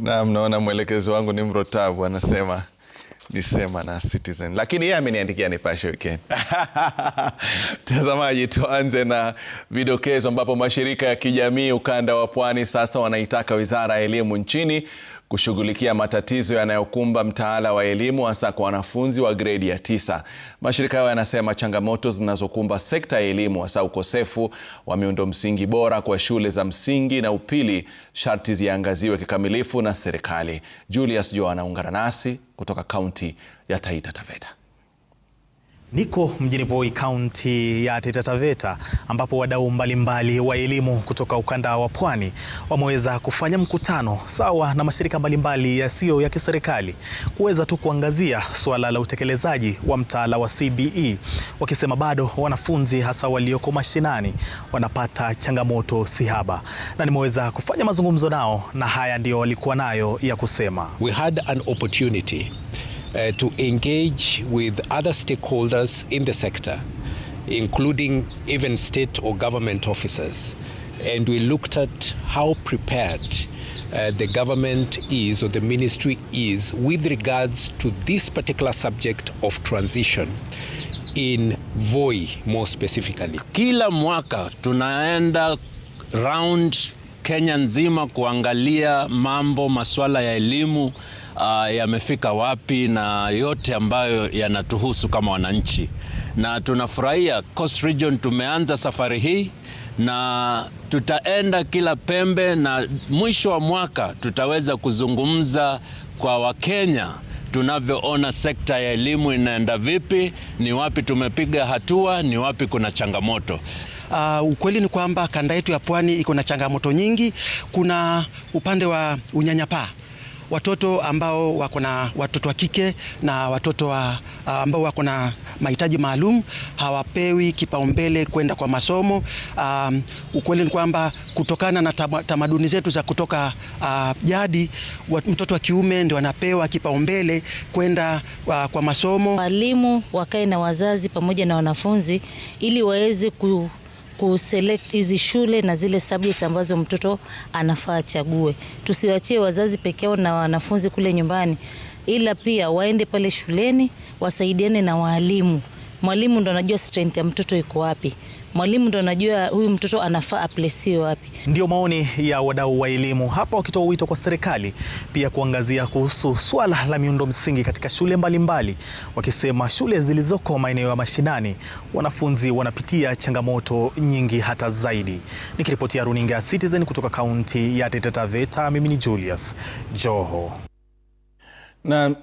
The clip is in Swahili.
Na naona mwelekezi wangu ni mrotavu, anasema nisema na Citizen, lakini yeye ameniandikia Nipashe Weekend. Mtazamaji, tuanze na vidokezo ambapo mashirika ya kijamii ukanda wa Pwani sasa wanaitaka Wizara ya Elimu nchini kushughulikia matatizo yanayokumba mtaala wa elimu hasa kwa wanafunzi wa gredi ya tisa. Mashirika hayo yanasema changamoto zinazokumba sekta ya elimu hasa ukosefu wa miundo msingi bora kwa shule za msingi na upili sharti ziangaziwe kikamilifu na serikali. Julius Joa anaungana nasi kutoka kaunti ya Taita Taveta. Niko mjini Voi, kaunti ya Taita Taveta ambapo wadau mbalimbali wa elimu kutoka ukanda wa Pwani wameweza kufanya mkutano sawa na mashirika mbalimbali yasiyo ya kiserikali kuweza tu kuangazia suala la utekelezaji wa mtaala wa CBE, wakisema bado wanafunzi hasa walioko mashinani wanapata changamoto sihaba, na nimeweza kufanya mazungumzo nao na haya ndiyo walikuwa nayo ya kusema. We had an opportunity uh, to engage with other stakeholders in the sector, including even state or government officers. And we looked at how prepared uh, the government is or the ministry is with regards to this particular subject of transition in Voi more specifically. Kila mwaka tunaenda round Kenya nzima kuangalia mambo masuala ya elimu uh, yamefika wapi na yote ambayo yanatuhusu kama wananchi, na tunafurahia Coast Region tumeanza safari hii na tutaenda kila pembe, na mwisho wa mwaka tutaweza kuzungumza kwa Wakenya tunavyoona sekta ya elimu inaenda vipi, ni wapi tumepiga hatua, ni wapi kuna changamoto. Uh, ukweli ni kwamba kanda yetu ya pwani iko na changamoto nyingi. Kuna upande wa unyanyapaa watoto ambao wako na watoto wa kike na watoto wa, uh, ambao wako na mahitaji maalum hawapewi kipaumbele kwenda kwa masomo. Um, ukweli ni kwamba kutokana na tamaduni zetu za kutoka uh, jadi wat, mtoto wa kiume ndio anapewa kipaumbele kwenda uh, kwa masomo. Walimu wakae na wazazi pamoja na wanafunzi ili waweze ku kuselect hizi shule na zile subjects ambazo mtoto anafaa achague. Tusiwachie wazazi peke yao na wanafunzi kule nyumbani, ila pia waende pale shuleni wasaidiane na waalimu. Mwalimu ndo anajua strength ya mtoto iko wapi. Mwalimu ndo anajua huyu mtoto anafaa aplesiwe wapi. Ndio maoni ya wadau wa elimu hapa wakitoa wito kwa serikali pia kuangazia kuhusu swala la miundo msingi katika shule mbalimbali mbali, wakisema shule zilizoko maeneo ya mashinani wanafunzi wanapitia changamoto nyingi hata zaidi. Nikiripotia runinga ya Citizen kutoka kaunti ya Taita Taveta, mimi ni Julius Joho na